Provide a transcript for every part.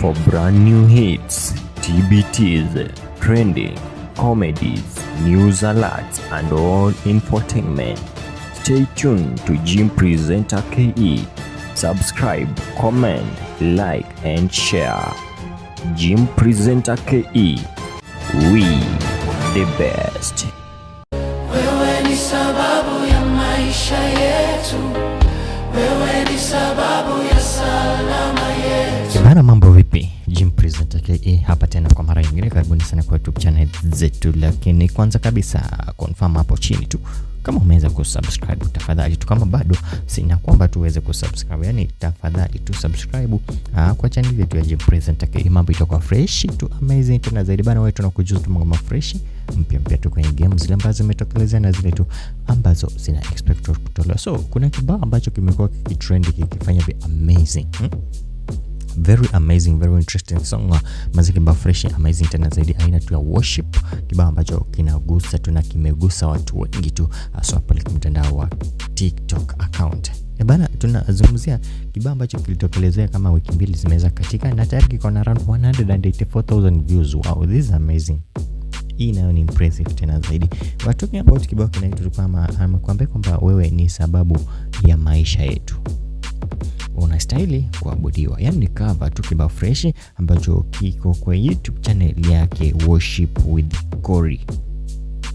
For brand new hits, TBTs, trending, comedies, news alerts, and all infotainment, stay tuned to Jim Presenter KE. Subscribe, comment, like, and share. Jim Presenter KE. We the best. Wewe ni sababu ya maisha yetu. Wewe ni sababu ya salama yetu. mambo TE hapa tena kwa mara nyingine, karibuni sana kwa YouTube channel zetu. Lakini kwanza kabisa confirm hapo chini tu kama umeweza kusubscribe, tafadhali tu, kama bado sina kwamba tuweze kusubscribe, yani tafadhali tu subscribe aa, ah, kwa channel yetu ya Gem Presenter KE, mambo itakuwa fresh tu amazing tena zaidi bana. Wewe tunakujuza tu mambo fresh mpya mpya tu kwenye games zile ambazo zimetokelezea na zile tu ambazo zina expect kutolewa. So kuna kibao ambacho kimekuwa kikitrend kikifanya be amazing hmm? very amazing, very interesting song, muziki ambao fresh, amazing tena zaidi, aina tu ya worship, kibao ambacho kinagusa tu na kimegusa watu wengi tu, hasa pale kwa mtandao wa TikTok account. Eh, bana, tunazungumzia kibao ambacho kilitokelezea kama wiki mbili zimeweza katika na tayari kiko na around 184,000 views. Wow, this is amazing. Hii nayo ni impressive tena zaidi. We're talking about kibao kinaitwa kwamba, anakuambia kwamba wewe ni sababu ya maisha yetu unastahili kuabudiwa. yani ni cover tu kibao freshi ambacho kiko kwa YouTube channel yake Worship with Cory.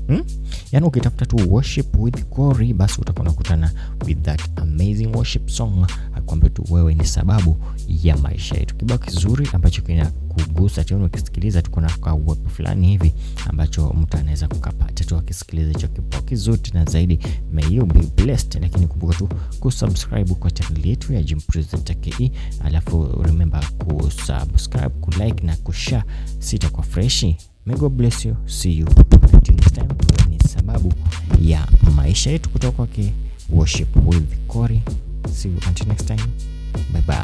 Hmm? Yaani ukitafuta tu Worship with Cory basi utakuwa kutana with that amazing worship song akwambia tu wewe ni sababu ya maisha yetu. Kibao kizuri ambacho kina kugusa tu ukisikiliza, tuko na uwepo fulani hivi ambacho mtu anaweza kukapata tu akisikiliza hicho kibao zake zote na zaidi. May you be blessed, lakini kumbuka tu kusubscribe kwa channel yetu ya Jim Jimpresenter KE, alafu remember kusubscribe, kulike na kushare. Sita kwa freshi. May God bless you, see you until next time. Ni sababu ya maisha yetu kutoka kwake Worship with Cory. See you until next time, bye bye.